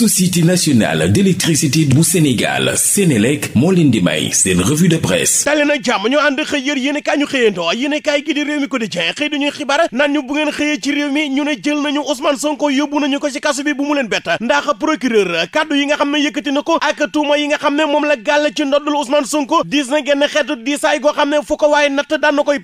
société nationale d'électricité bu Sénégal Sénélec moo leen di may de presse dali na jàmm ñu ànd xëy yër yéen ñu xëyandoo yéen i kaay gi di réew mi quotidien xëy dañuy xibaar naan ñu bu ngeen xëyee ci réew mi ñu ne jël nañu Ousmane Sonko yóbbu nañu ko ci kaso bu mu leen bett ndax procureur kaddu yi nga xam ne yëkkati na ko ak tuuma yi nga xam ne moom la gàll ci ndoddul Ousmane Sonko diis na genn xeetu diisaay goo xam ne fu ko waaye na koy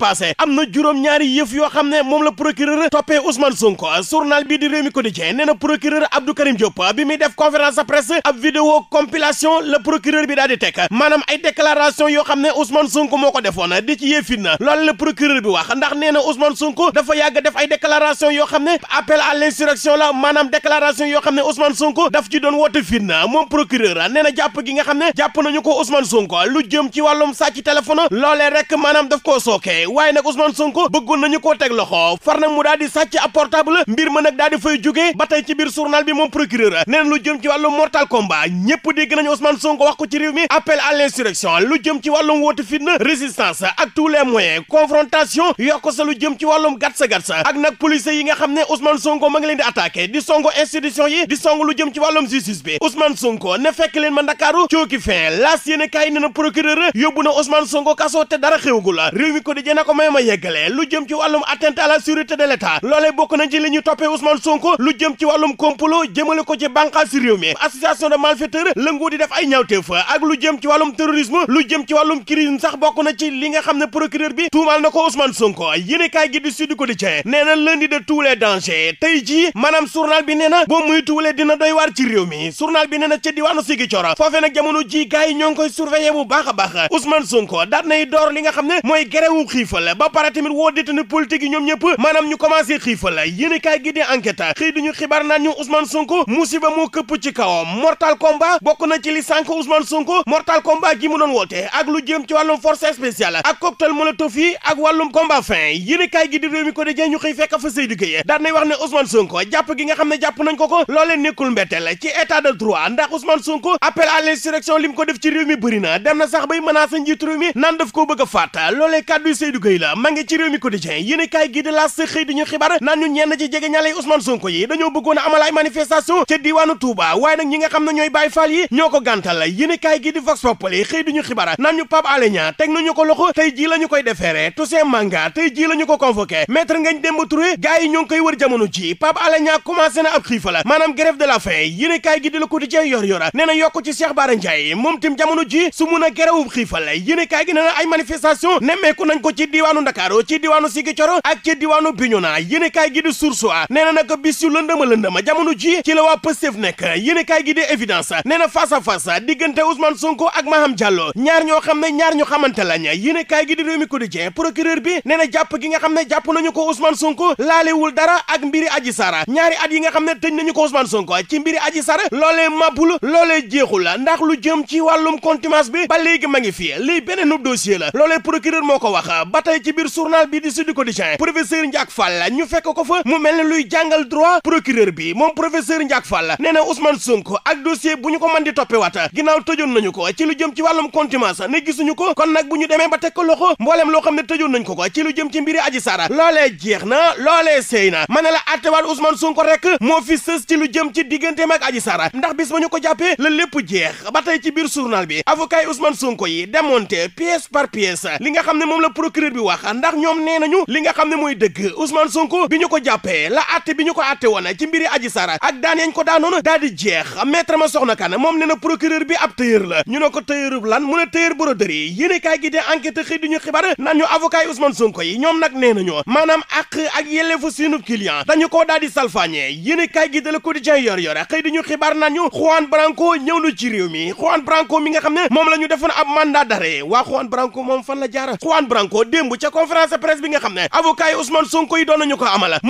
def conférence de presse ab vidéo compilation le bi daal di teg maanaam ay déclaration yoo xam ne Ousmane Sonko moo ko defoon di ci yëefin na loolu le procureur bi wax ndax nee na Ousmane Sonko dafa yàgg def ay déclaration yoo xam ne appel à l'insurrection la maanaam déclaration yoo xam ne Ousmane Sonko daf ci doon woote fitna moom procureur nee na jàpp gi nga xam ne jàpp nañu ko Ousmane Sonko lu jëm ci wàllum sàcc téléphone loolee rek maanaam daf koo sooke waaye nag Ousmane Sonko bëggoon nañu koo teg loxo far nag mu daal di sàcc ab portable mbir nag daal di fay ba tey ci biir journal bi moom procureur leneen lu jëm ci wàllu mortal combat ñëpp dégg nañu Ousmane Sonko wax ko ci réew mi appel à lu jëm ci wàllum woote fitna résistance ak tous les moyens confrontation yokk sa lu jëm ci wàllum gatsa gatsa ak nag police yi nga xam ne Ousmane Sonko ma ngi leen di songo institution yi di song lu jëm ci wàllum justice bi Ousmane Sonko ne fekk ma Ndakaaru cooki fin laas yéene kaay na procureur yóbbu na Ousmane Sonko kaso dara xewagul réew la sûreté doxal si réew mi association de malfaiteurs la nguur di def ay ñaawteef ak lu jëm ci wàllum terrorisme lu jëm ci wàllum crime sax bokk na ci li xam ne procureur bi tuumaal na ko Ousmane Sonko yéene kaay gi di Sud Quotidien nee na lundi de tous les tey jii maanaam journal bi nee na boo muy dina doy waar ci réew mi bi nee na diwaanu Ziguinchor foofee nag jamono ji gars yi ñoo ngi bu baax a baax Ousmane Sonko daat nay door li nga xam ne mooy gerewu xiifal ba moo këpp ci kawam mortal combat bokk na ci li sànq lu jëm ci wàllum force spéciale ak cocktail molotov yi ak wàllum combat fin yéenekaay gi di réew mi ko ko ko loolee nekkul mbetteel dem na sax bay menacer njiitu réew mi naan daf bëgg a faat loolee kàddu Seydou la ma ngi ci réew mi quotidien yéenekaay gi di laas xëy di ñu xibaar naan ñu jege ñaale Ousmane Sonko yi dañoo bëggoon a amal ay manifestation ca diwaanu màggalu Touba waaye nag ñi nga xam ne ñooy Baye Fall yi ñoo ko gàntal la yéen kaay gi di Vox Populi xëy xibara naan ñu Pape Alé Niang teg nañu ko loxo tey jii la ñu koy defeere Toussaint Manga tey jii la ñu ko convoqué maître Ngagne Demba Touré gars yi ñoo koy wër jamono ji Pape Alé Niang commencé na ab xiifala maanaam grève de la faim yéen kaay gi di Le Quotidien yor yora nee na yokk ci Cheikh Bara Ndiaye moom tim jamono ji su mun a gerewub xiifala yéen kaay gi nee na ay manifestation nekk yéenekaay gi di évidence nee na face à face diggante Ousmane Sonko ak Maham Diallo ñaar ñoo xam ne ñaar ñu xamante lañ yéenekaay ne jàpp ko Ousmane Sonko laalewul dara ak mbiri Adji Sarr ñaari at yi nga xam ne tëj nañu ko Ousmane Sonko ci mbiri Adji Sarr loolee màbbul loolee jeexul ndax lu jëm ci wàllum contumace bi ba léegi ma ngi fii lii beneen dossier la loolee procureur moo ko wax ba ci biir journal bi di Sud ko fa mu mel ne luy jàngal droit procureur bi ne Ousmane Sonko ak dossier bu ñu ko mën di toppewaat ginnaaw tëjoon nañu ko ci lu jëm ci wàllum contumace ne gisuñu ko kon nag bu ñu demee ba teg ko loxo mbooleem loo xam ne tëjoon nañ ko ko ci lu jëm ci mbiri Adji Sarr loolee jeex na loole sey na ma ne la attewaat Ousmane Sonko rek moo fi sës ci lu jëm ci diggante mag Adji sara ndax bis ba ñu ko jàppee la lépp jeex ba tey ci biir journal bi avocat yi Ousmane Sonko yi démonté pièce par pièce li nga xam ne moom la procureur bi wax ndax ñoom nee nañu li nga xam ne mooy dëgg Ousmane Sonko bi ñu ko jàppee la atte bi ñu ko atte woon ci mbiri Adji Sarr ak daan yañ ko daanoon daal di a maître ma soxna kan moom nee na procureur bi ab tëyër la ñu ne ko tëyërub lan mu ne tëyër broderie yéene kaay gi de enquête xëy di ñu xibaar naan yi Ousmane Sonko yi ñoom nag nee nañu maanaam ak ak yelleefu seenub client dañu koo ñu xibaar naan ñu Juan Branco ñëw na ci mi Juan Branco mi nga xam ne moom la ñu defoon ab mandat d'arrêt waa Juan Branco moom fan la jaara Juan Branco démb ca conférence de presse bi nga xam ne avocat yi Ousmane Sonko yi doon nañu ko amala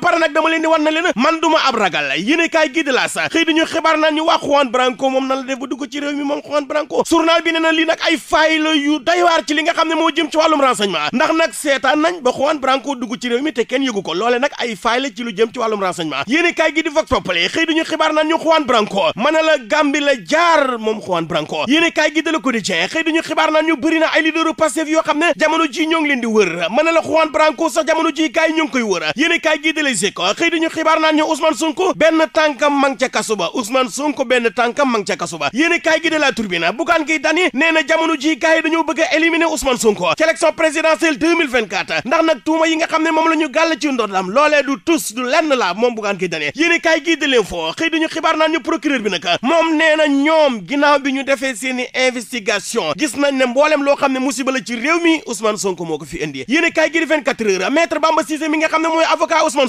ba pare nag dama leen di wan na leen man du ma ab ragal yéene kaay gi de la sa xibaar naan ñu wax Juan Branco moom nan la def ba dugg ci réew mi moom Juan Branco journal bi nee na lii nag ay faay la yu doy waar ci nga xam ne moo jëm ci wàllum renseignement ndax nag seetaan nañ ba Juan Branco dugg ci mi te kenn yëgu ko loole nag ay faay la ci lu jëm ci wàllum renseignement yéene kaay gi di vox populi xëy dañu xibaar naan ñu na la Gambie la xibaar naan ñu bëri na yoo xam ne jamono ji ñoo ngi leen mën na la Juan les ko xëy dañu xibaar naan ñu Ousmane Sonko benn tànkam mang ca kasu ba Ousmane Sonko benn tànkam mang ca kasu ba yéen kaay gi de la turbina bugaan gi dani nee na jamono ji gars yi dañoo bëgg a éliminer Ousmane Sonko ci élection présidentielle 2024 ndax nag tuuma yi nga xam ne moom la ñu gàll ci ndodam loolee du tus du lenn la moom bugaan gi dani yéen kaay gi de l'info xëy dañu xibaar naan ñu procureur bi nag moom nee na ñoom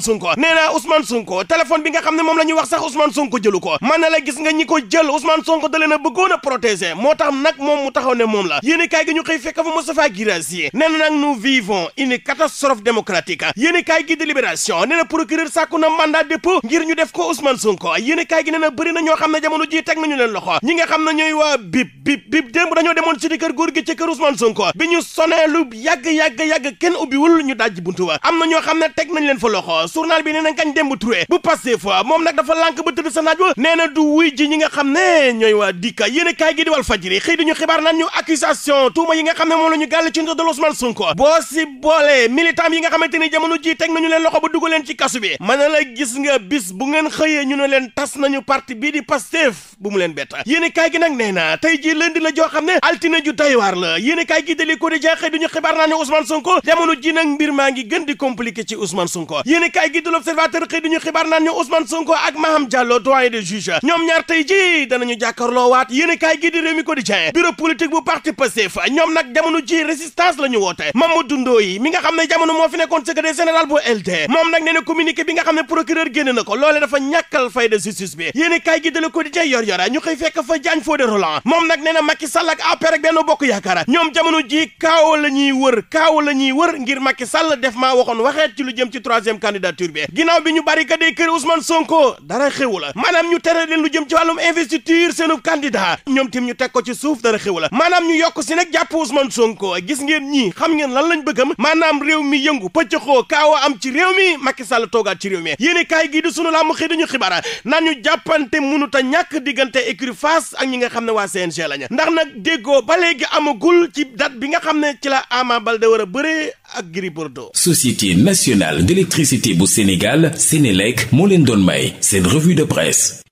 Ousmane Sonko nee naa Ousmane Sonko téléphone bi nga xam ne moom la ñuy wax sax Ousmane Sonko jëlu ko mën na la gis nga ñi ko jël Ousmane Sonko da na a bëggoon a protéger moo tax nag moom mu taxaw ne moom la yéen i gi ñu xëy fekk fa Moustapha Guirassy nee na nag nous vivons une catastrophe démocratique yéen i kaay gi délibération nee na procureur sàkku na mandat dépôt ngir ñu def ko Ousmane Sonko yéen i kaay gi nee na bëri na ñoo xam ne jamono ji teg nañu leen loxo ñi nga xam na ñooy waa bib bib bib démb dañoo demoon ci di kër góor gi ci kër Ousmane Sonko bi ñu sonee yàgg yàgg yàgg kenn ubbiwul ñu dajji buntu am na ñoo xam ne teg nañ leen fa loxo journal bi nee na ngañ demb Touré bu Pastef moom nag dafa lànk ba tëdd sa naaj wa nee na du wuy ji ñi nga xam ne ñooy waa dikka yéen kaay gi di wal fajiri xëy ñu xibaar naan ñu accusation tuuma yi nga xam ne moom la ñu gàll ci ndoddal Ousmane Sonko boo si boolee militant yi nga xamante ni jamono ji teg nañu leen loxo ba dugal leen ci kasu bi mën na la gis nga bis bu ngeen xëyee ñu ne leen tas nañu parti bii di Pastef bu mu leen bett yéen kaay gi nag nee na tey ji lundi la joo xam ne altine ju doywaar la kaay gi dali ko di jeexee duñu xibaar naan ñu Ousmane Sonko ji nag mbir maa ngi gën di compliqué ci Ousmane Sonko yéen kaay gi du l'observateur xëy diñu xibaar naan ñu Ousmane Sonko ak Maham Diallo doyen des juges ñoom ñaar tey ji danañu jàkkaarloo waat yéen kaay gi di Rewmi Quotidien bureau politique bu parti a ñoom nag jamono ji résistance la ñu woote Mamadou Ndoye mi nga xam ne jamono moo fi nekkoon secrétaire général bu LD moom nag nee na communiqué bi nga xam ne procureur génn na ko loolee dafa ñàkkal fayda justice bi yéen kaay gi di Le Quotidien yor yora ñu xëy fekk fa Diagne candidature bi ginnaaw bi ñu barricadé kër Ousmane Sonko dara xewu la maanaam ñu tere leen lu jëm ci wàllum investiture seenu candidat ñoom tim ñu teg ci suuf dara xewu la maanaam ñu yokk si nag jàpp Ousmane Sonko gis ngeen ñii xam ngeen lan lañ bëggam maanaam réew mi yëngu pëccëxoo kaawa am ci réew mi Macky Sall toogaat ci réew mi yéene kaay gii di sunu làmb xëy dañu xibaar naan ñu jàppante mënut a ñàkk diggante écurie Fass ak xam ne waa CNG lañu ndax nag déggoo ba léegi amagul bi nga xam ne ci la a ak Gris Bordeaux. Société nationale d'électricité bu Sénégal Sénélec moo leen doon may seen revue de presse.